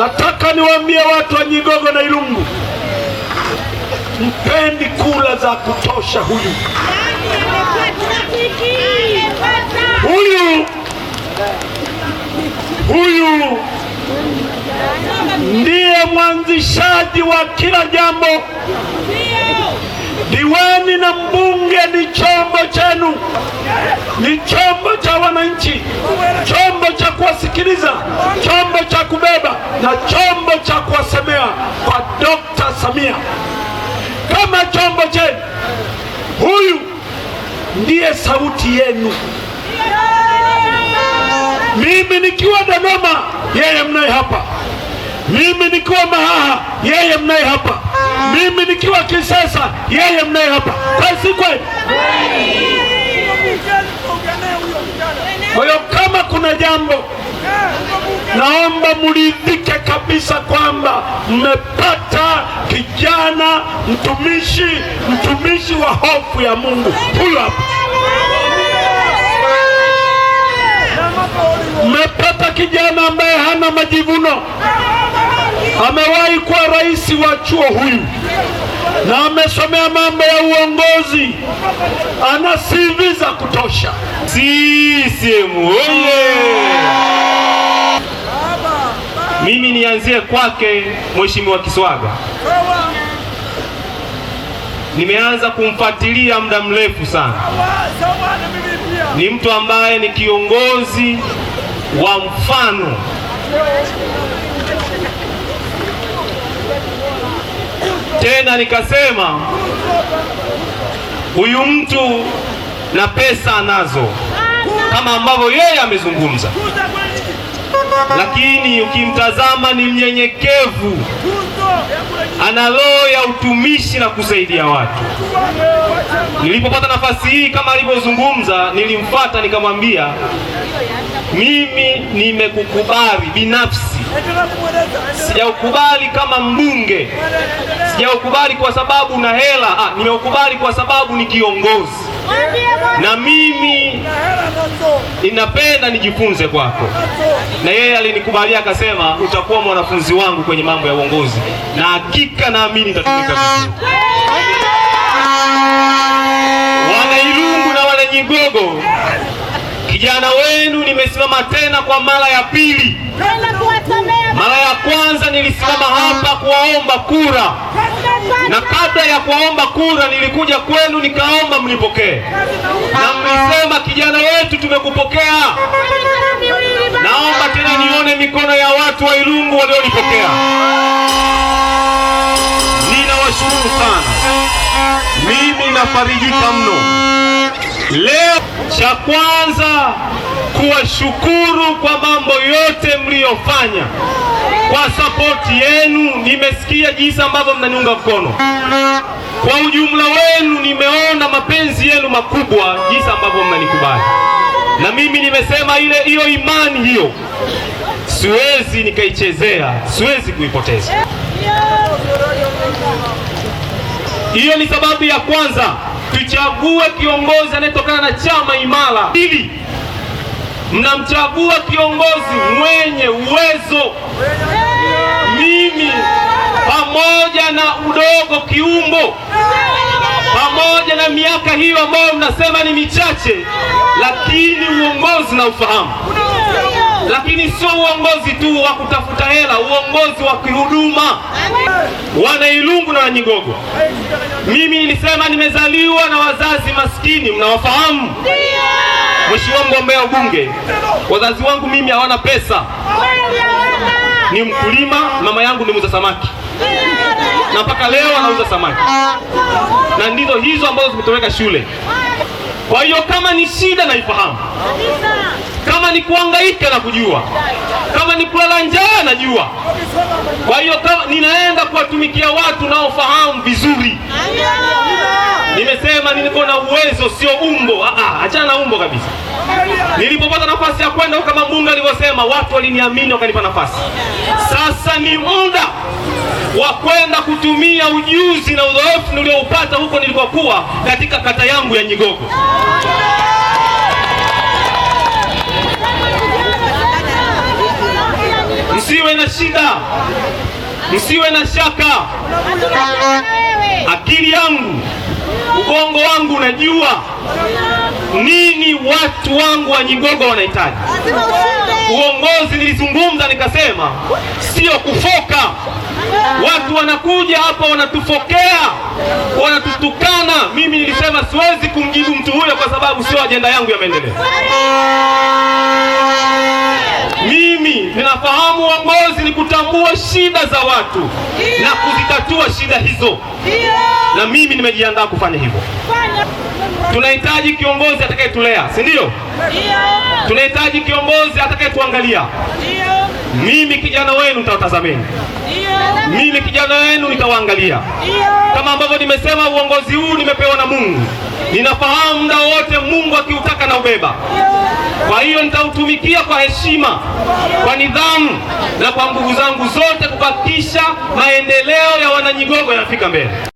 Nataka niwaambie watu wa Nyigogo na Ilungu, mpendi kula za kutosha huyu huyu huyu ndiye mwanzishaji wa kila jambo. Diwani na mbunge ni chombo chenu, ni chombo cha wananchi, chombo cha kuwasikiliza, chombo cha kubeba na chombo cha kuwasemea kwa Dr. Samia kama chombo chenu. Huyu ndiye sauti yenu. Mimi nikiwa Dodoma, yeye mnaye hapa. Mimi nikiwa Mahaha, yeye mnaye hapa mimi nikiwa Kisesa, yeye mnaye hapa, si kweli? Kwa hiyo kama kuna jambo naomba muridhike kabisa kwamba mmepata kijana mtumishi, mtumishi wa hofu ya Mungu. Huyu hapa mmepata kijana ambaye hana majivuno amewahi kuwa rais wa chuo huyu na amesomea mambo ya uongozi, ana CV za kutosha. CCM oye! Mimi nianzie kwake Mheshimiwa Kiswaga. Nimeanza kumfuatilia muda mrefu sana. Ni mtu ambaye ni kiongozi wa mfano Tena nikasema huyu mtu na pesa anazo kama ambavyo yeye amezungumza, lakini ukimtazama ni mnyenyekevu, ana roho ya utumishi na kusaidia watu. Nilipopata nafasi hii kama alivyozungumza, nilimfuata nikamwambia, mimi nimekukubali binafsi Sijaukubali kama mbunge, sijaukubali kwa sababu na hela ah, nimeukubali kwa sababu ni kiongozi, na mimi ninapenda nijifunze kwako. Na yeye alinikubalia akasema, utakuwa mwanafunzi wangu kwenye mambo ya uongozi, na hakika naamini itatumika vizuri. Wana Ilungu na wale Nyigogo vijana wenu nimesimama tena kwa mara ya pili. Mara ya kwanza nilisimama hapa kuwaomba kura, na kabla ya kuwaomba kura nilikuja kwenu nikaomba mnipokee, na mmesema kijana wetu tumekupokea. Naomba tena nione mikono ya watu wa Ilungu walionipokea. Ninawashukuru sana, mimi nafarijika mno. Leo cha kwanza kuwashukuru kwa mambo yote mliyofanya, kwa sapoti yenu. Nimesikia jinsi ambavyo mnaniunga mkono kwa ujumla wenu, nimeona mapenzi yenu makubwa, jinsi ambavyo mnanikubali na mimi nimesema ile hiyo imani hiyo siwezi nikaichezea, siwezi kuipoteza. Hiyo ni sababu ya kwanza tuchague kiongozi anayetokana na chama imara. Pili, mnamchagua kiongozi mwenye uwezo. Mimi pamoja na udogo kiumbo, pamoja na miaka hiyo ambayo mnasema ni michache, lakini uongozi na ufahamu lakini sio uongozi tu wa kutafuta hela, uongozi wa kihuduma. Wana Ilungu na Wanyingogo, mimi nilisema nimezaliwa na wazazi maskini, mnawafahamu Mheshimiwa mgombea ubunge, wazazi wangu mimi hawana pesa, ni mkulima. Mama yangu ni muuza samaki na mpaka leo anauza samaki, na ndizo hizo ambazo zimetoweka shule. Kwa hiyo kama ni shida naifahamu. Kama ni kuangaika na kujua, kama ni kulala njaa najua. Kwa hiyo ninaenda kuwatumikia watu naofahamu vizuri. Nimesema niko na uwezo, sio umbo. Ah, ah, achana na umbo kabisa. Nilipopata nafasi ya kwenda kama mbunge alivyosema, watu waliniamini wakanipa nafasi. Sasa ni muda wa kwenda kutumia ujuzi na uzoefu nilioupata huko nilikokuwa katika kata yangu ya Nyigogo. msiwe na shida, msiwe na shaka. Akili yangu ubongo wangu unajua nini watu wangu wa Nyigogo wanahitaji. Uongozi nilizungumza nikasema, sio kufoka. Watu wanakuja hapa wanatufokea, wanatutukana. Mimi nilisema siwezi kumjibu mtu huyo kwa sababu sio ajenda yangu ya maendeleo mimi ninafahamu uongozi ni kutambua shida za watu Dio, na kuzitatua shida hizo Dio, na mimi nimejiandaa kufanya hivyo. Tunahitaji kiongozi atakayetulea, si ndio? Tunahitaji kiongozi atakayetuangalia mimi kijana wenu nitawatazameni, mimi kijana wenu nitawaangalia. Kama ambavyo nimesema, uongozi huu nimepewa na Mungu, ninafahamu muda wote Mungu akiutaka na ubeba. Kwa hiyo nitautumikia kwa heshima, kwa nidhamu na kwa nguvu zangu zote kuhakikisha maendeleo ya Wananyigogo yanafika mbele.